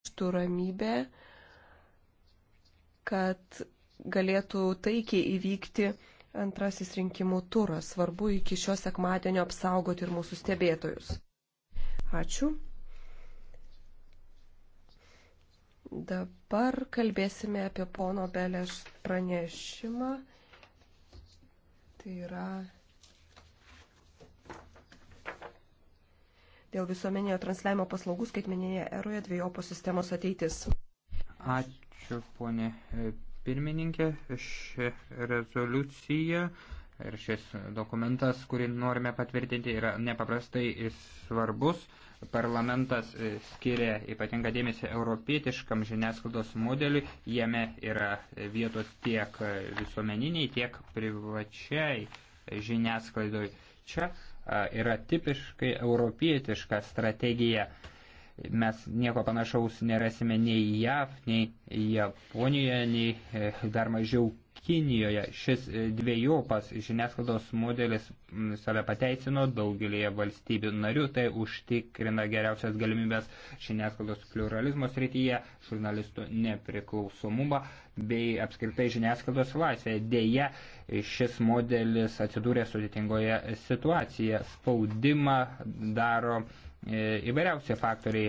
grįžtų ramybė, kad galėtų taikiai įvykti antrasis rinkimų turas. Svarbu iki šio sekmadienio apsaugoti ir mūsų stebėtojus. Ačiū. Dabar kalbėsime apie pono Belės pranešimą. Tai yra dėl visuomeninio transliavimo paslaugų skaitmeninėje eroje dviejopos sistemos ateitis. Ačiū, ponė e, pirmininkė. Ši rezoliucija ir šis dokumentas, kurį norime patvirtinti, yra nepaprastai svarbus. Parlamentas e, skiria ypatingą dėmesį europietiškam žiniasklaidos modeliui. Jame yra vietos tiek visuomeniniai, tiek privačiai žiniasklaidoj. Čia yra tipiškai europietiška strategija mes nieko panašaus nerasime nei JAV, nei Japonijoje, nei e, dar mažiau Kinijoje. Šis e, dviejopas žiniasklaidos modelis save pateisino daugelėje valstybių narių, tai užtikrina geriausias galimybės žiniasklaidos pluralizmo srityje, žurnalistų nepriklausomumą bei apskritai žiniasklaidos laisvę. Deja, šis modelis atsidūrė sudėtingoje situacijoje. Spaudimą daro E, įvairiausi faktoriai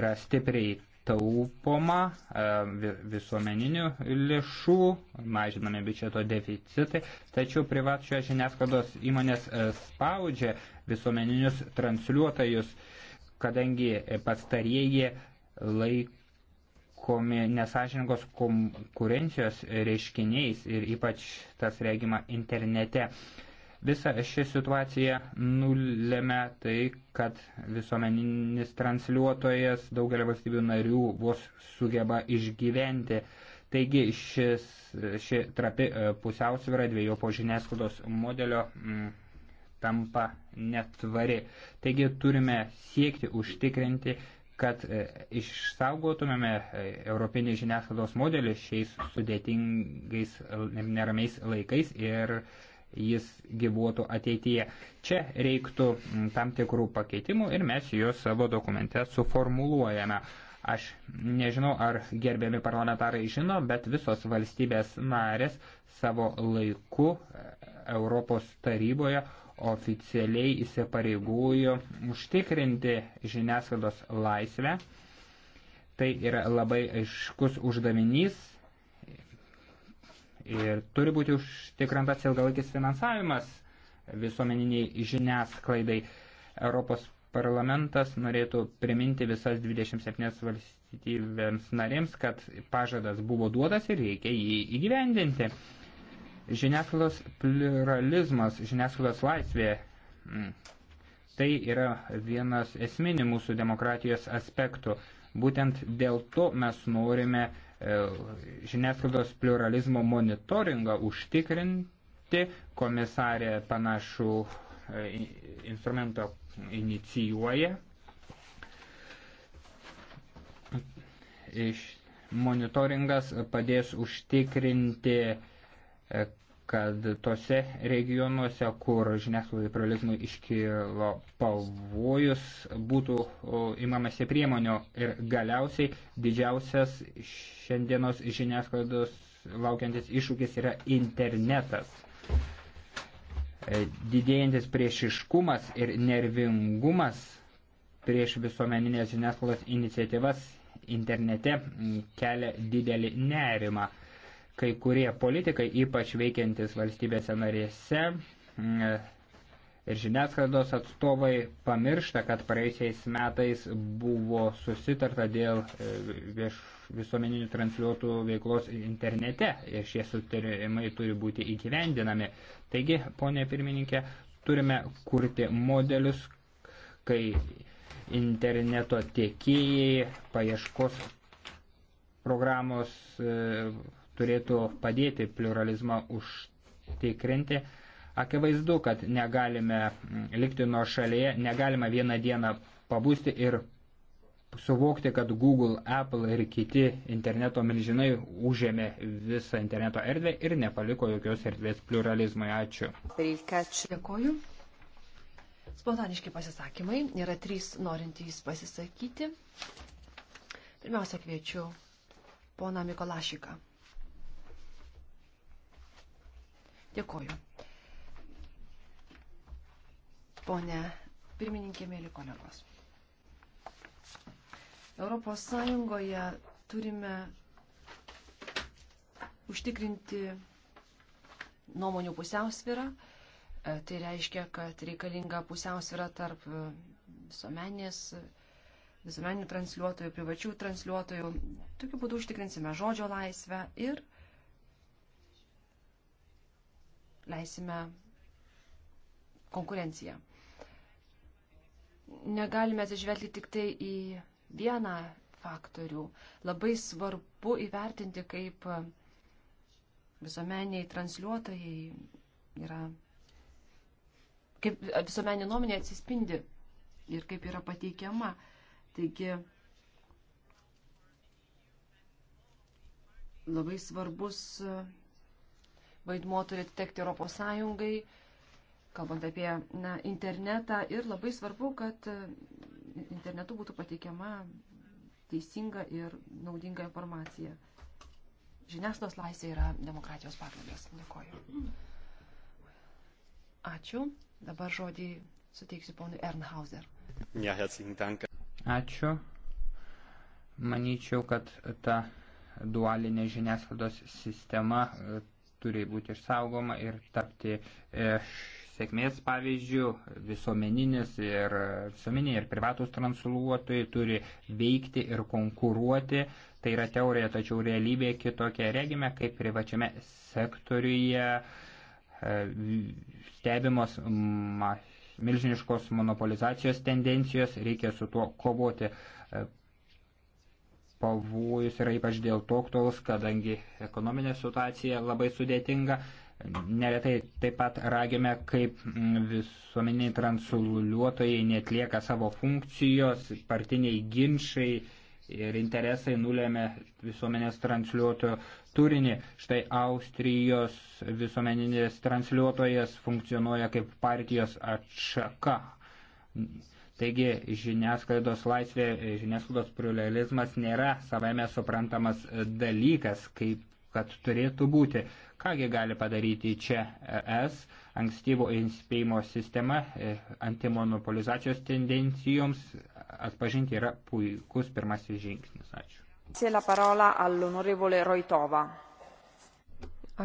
yra stipriai taupoma e, visuomeninių lėšų, mažinami biudžeto deficitai, tačiau privačios žiniasklaidos įmonės e, spaudžia visuomeninius transliuotojus, kadangi pastarieji laikomi nesažiningos konkurencijos reiškiniais ir ypač tas regima internete. Uh, Visa ši situacija nulėmė tai, kad visuomeninis transliuotojas daugelio valstybių narių vos sugeba išgyventi. Taigi šis, ši trapi e, pusiausvyrą dviejų po žiniasklaidos modelio m, tampa netvari. Taigi turime siekti užtikrinti, kad e, išsaugotumėme e, europinį žiniasklaidos modelį šiais sudėtingais neramiais laikais ir jis gyvuotų ateityje. Čia reiktų mm, tam tikrų pakeitimų ir mes juos savo dokumente suformuluojame. Aš nežinau, ar gerbiami parlamentarai žino, bet visos valstybės narės savo laiku e, Europos taryboje oficialiai įsipareigųjo užtikrinti žiniasklaidos laisvę. Tai yra labai aiškus uždavinys ir turi būti užtikrantas ilgalaikis finansavimas visuomeniniai žiniasklaidai. Europos parlamentas norėtų priminti visas 27 valstybėms narėms, kad pažadas buvo duotas ir reikia jį įgyvendinti. Žiniasklaidos pluralizmas, žiniasklaidos laisvė. Mm, tai yra vienas esminių mūsų demokratijos aspektų. Būtent dėl to mes norime uh, E, žiniasklaidos pluralizmo monitoringą užtikrinti. Komisarė panašų e, instrumentą inicijuoja. Iš monitoringas padės užtikrinti e, kad tose regionuose, kur žiniasklaidai pluralizmui iškilo pavojus, būtų imamasi priemonių ir galiausiai didžiausias šiandienos žiniasklaidos laukiantis iššūkis yra internetas. E, didėjantis priešiškumas ir nervingumas prieš visuomeninės žiniasklaidos iniciatyvas internete kelia didelį nerimą kai kurie politikai, ypač veikiantis valstybėse narėse mm, ir žiniasklaidos atstovai pamiršta, kad praeisiais metais buvo susitarta dėl e, vieš, visuomeninių transliuotų veiklos internete ir šie sutarimai turi būti įgyvendinami. Taigi, ponė pirmininkė, turime kurti modelius, kai interneto tiekėjai, paieškos programos e, turėtų padėti pluralizmą užtikrinti. Akivaizdu, kad negalime likti nuo šalyje, negalime vieną dieną pabūsti ir suvokti, kad Google, Apple ir kiti interneto milžinai užėmė visą interneto erdvę ir nepaliko jokios erdvės pluralizmui. Ačiū. Dėkoju. Spontaniški pasisakymai. Yra trys norintys pasisakyti. Pirmiausia, kviečiu poną Mikolašiką. Dėkoju. Pone pirmininkė, mėly kolegos. Europos Sąjungoje turime užtikrinti nuomonių pusiausvyrą. E, tai reiškia, kad reikalinga pusiausvyrą tarp e, visuomenės, visuomeninių transliuotojų, privačių transliuotojų. Tokiu būdu užtikrinsime žodžio laisvę ir laisvę leisime konkurenciją. Negalime atsižvelgti tik tai į vieną faktorių. Labai svarbu įvertinti, kaip visuomeniai transliuotojai yra, kaip visuomenė nuomonė atsispindi ir kaip yra pateikiama. Taigi labai svarbus vaidmuo turi tekti ES, kalbant apie na, internetą. Ir labai svarbu, kad e, internetu būtų pateikiama teisinga ir naudinga informacija. Žiniasklaidos laisvė yra demokratijos pagrindas. Dėkoju. Ačiū. Dabar žodį suteiksiu ponui Ernhauser. Ja, herzlichen Dank. Ačiū. Manyčiau, kad ta dualinė žiniasklaidos sistema turi būti išsaugoma ir tapti e, sėkmės pavyzdžių, visuomeninis ir visuomeniai ir privatus transluotojai turi veikti ir konkuruoti. Tai yra teorija, tačiau realybė kitokia regime, kaip privačiame sektoriuje e, stebimos milžiniškos monopolizacijos tendencijos, reikia su tuo kovoti. E, pavojus yra ypač dėl to aktualus, kadangi ekonominė situacija labai sudėtinga. Neretai taip pat ragime, kaip visuomeniai transliuotojai netlieka savo funkcijos, partiniai ginčiai ir interesai nulėmė visuomenės transliuotojo turinį. Štai Austrijos visuomeninės transliuotojas funkcionuoja kaip partijos atšaka Taigi žiniasklaidos laisvė, žiniasklaidos pluralizmas nėra savame suprantamas e, dalykas, kaip kad turėtų būti. Kągi gali padaryti čia ES, ankstyvo įspėjimo sistema e, antimonopolizacijos tendencijoms atpažinti yra puikus pirmasis žingsnis. Ačiū.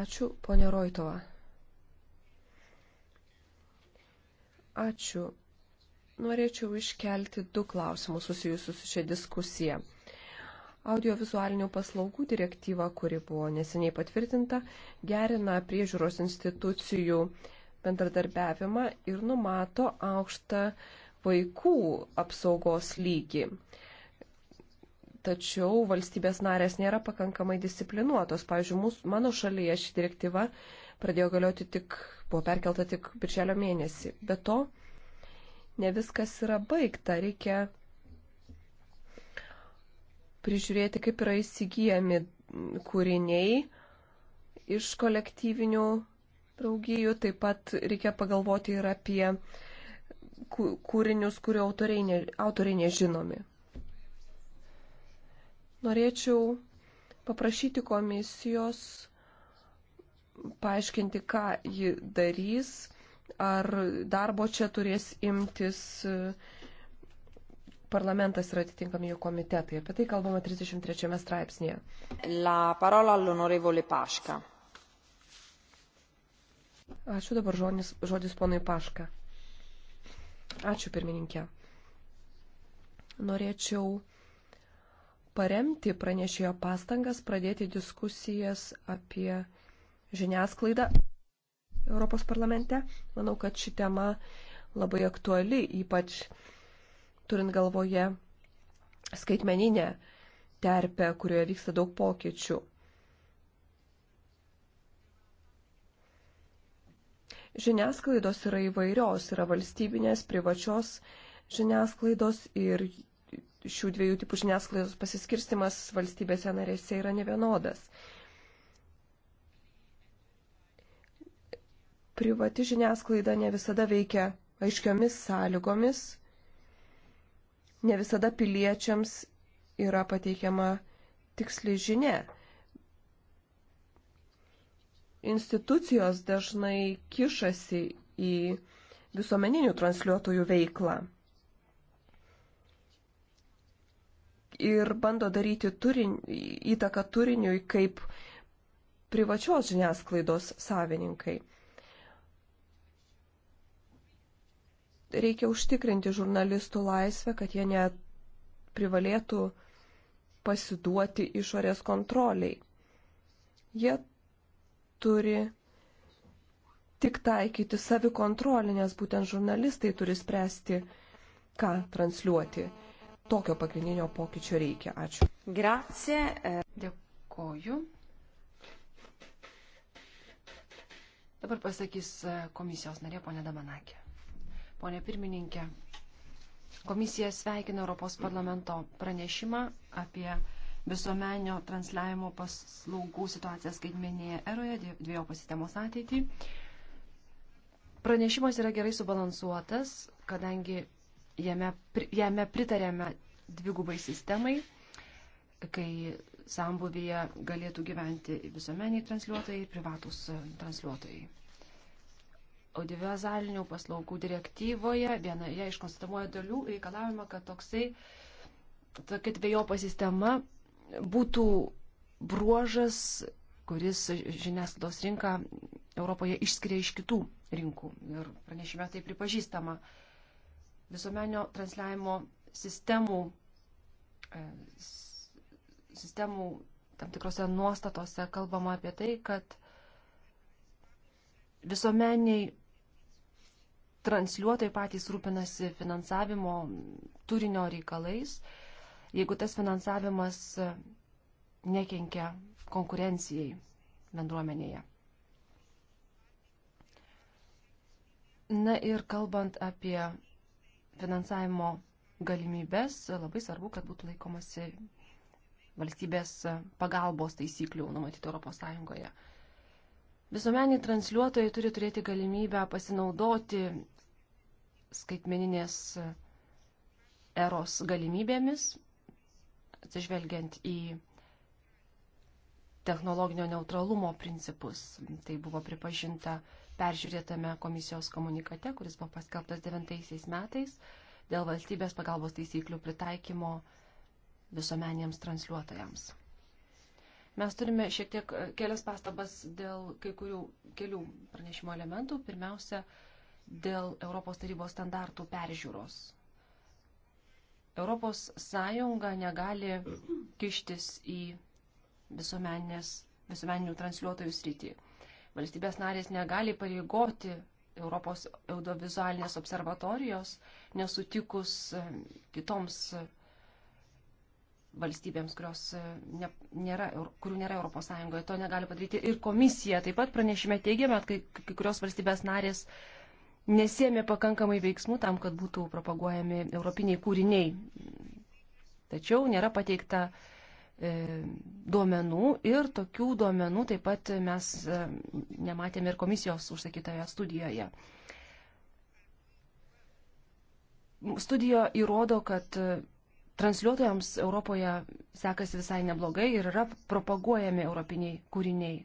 Ačiū, ponė Roitova. Ačiū, norėčiau iškelti du klausimus susijusius su šia diskusija. Audiovizualinių paslaugų direktyva, kuri buvo neseniai patvirtinta, gerina priežiūros institucijų bendradarbiavimą ir numato aukštą vaikų apsaugos lygį. Tačiau valstybės narės nėra pakankamai disciplinuotos. Pavyzdžiui, mūsų, mano šalyje ši direktyva pradėjo galioti tik, buvo perkelta tik birželio mėnesį. Be to, ne viskas yra baigta, reikia prižiūrėti, kaip yra įsigijami kūriniai iš kolektyvinių draugijų, taip pat reikia pagalvoti ir apie kūrinius, kurių autoriai, ne, autoriai nežinomi. Norėčiau paprašyti komisijos paaiškinti, ką ji darys, ar darbo čia turės imtis e, parlamentas ir atitinkami jų komitetai. Apie tai kalbama 33 straipsnėje. La parola all'onorevole Paška. Ačiū dabar žodis, žodis ponui Paška. Ačiū pirmininkė. Norėčiau paremti pranešėjo pastangas pradėti diskusijas apie žiniasklaidą. Europos parlamente. Manau, kad ši tema labai aktuali, ypač turint galvoje skaitmeninę terpę, kurioje vyksta daug pokyčių. Žiniasklaidos yra įvairios, yra valstybinės, privačios žiniasklaidos ir šių dviejų tipų žiniasklaidos pasiskirstimas valstybėse narėse yra nevienodas. vienodas. privati žiniasklaida ne visada veikia aiškiomis sąlygomis, ne visada piliečiams yra pateikiama tiksli žinia. Institucijos dažnai kišasi į visuomeninių transliuotojų veiklą ir bando daryti turin, įtaką turiniui kaip privačios žiniasklaidos savininkai. reikia užtikrinti žurnalistų laisvę, kad jie neprivalėtų pasiduoti išorės kontroliai. Jie turi tik taikyti savikontrolį, nes būtent žurnalistai turi spręsti, ką transliuoti. Tokio pagrindinio pokyčio reikia. Ačiū. Grazie. Dėkoju. Dabar pasakys komisijos narė ponė Damanakė. Pone pirmininkė, komisija sveikina Europos parlamento pranešimą apie visuomenio transliavimo paslaugų situaciją skaitmenėje eroje, dviejopos sistemos ateitį. Pranešimas yra gerai subalansuotas, kadangi jame, jame pritarėme dvigubai sistemai, kai sambuvėje galėtų gyventi visuomeniai transliuotojai ir privatus transliuotojai audiovizualinių paslaugų direktyvoje vienoje iš konstatuojamojo dalių reikalavimą, kad toksai, tokia dviejopa sistema būtų bruožas, kuris žiniasklaidos rinką Europoje išskiria iš kitų rinkų. Ir pranešime tai pripažįstama. Visuomenio transliavimo sistemų, e, sistemų tam tikrose nuostatose kalbama apie tai, kad visuomeniai transliuotojai patys rūpinasi finansavimo turinio reikalais, jeigu tas finansavimas e, nekenkia konkurencijai bendruomenėje. Na ir kalbant apie finansavimo galimybės, labai svarbu, kad būtų laikomasi valstybės pagalbos taisyklių numatyti Europos Sąjungoje. Visuomeniai transliuotojai turi turėti galimybę pasinaudoti skaitmeninės eros galimybėmis, atsižvelgiant į technologinio neutralumo principus. Tai buvo pripažinta peržiūrėtame komisijos komunikate, kuris buvo paskelbtas 9 metais dėl valstybės pagalbos taisyklių pritaikymo visuomeniniams transliuotojams. Mes turime šiek tiek kelias pastabas dėl kai kurių kelių pranešimo elementų. Pirmiausia, dėl Europos tarybos standartų peržiūros. Europos Sąjunga negali kištis į visuomeninių transliuotojų sritį. Valstybės narės negali pareigoti Europos audiovizualinės observatorijos, nesutikus e, kitoms e, valstybėms, kurios e, ne, nėra, kurių nėra Europos Sąjungoje. To negali padaryti ir komisija. Taip pat pranešime teigiame, kad kai, kai kurios valstybės narės uh, nesėmė pakankamai veiksmų tam, kad būtų propaguojami europiniai kūriniai. Tačiau nėra pateikta e, duomenų ir tokių duomenų taip pat mes e, nematėme ir komisijos užsakytoje studijoje. Studija įrodo, kad e, transliuotojams Europoje sekasi visai neblogai ir yra propaguojami europiniai kūriniai.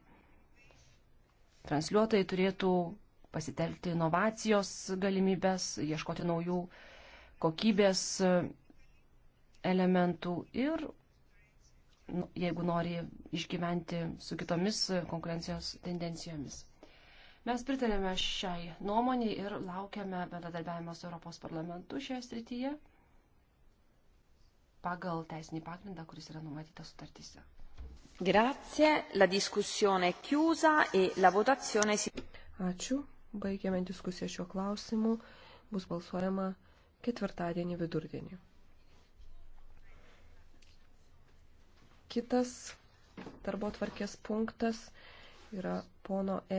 Transliuotojai turėtų pasitelkti inovacijos galimybės, ieškoti naujų kokybės elementų ir nu, jeigu nori išgyventi su kitomis konkurencijos tendencijomis. Mes pritarėme šiai nuomonį ir laukiame bendradarbiavimo su Europos parlamentu šioje srityje pagal teisinį pagrindą, kuris yra numatytas sutartyse. Grazie, la diskusione chiusa e la votazione si... Ačiū. Baigiame diskusiją šiuo klausimu. Bus balsuojama ketvirtadienį vidurdienį. Kitas darbo tvarkės punktas yra pono E.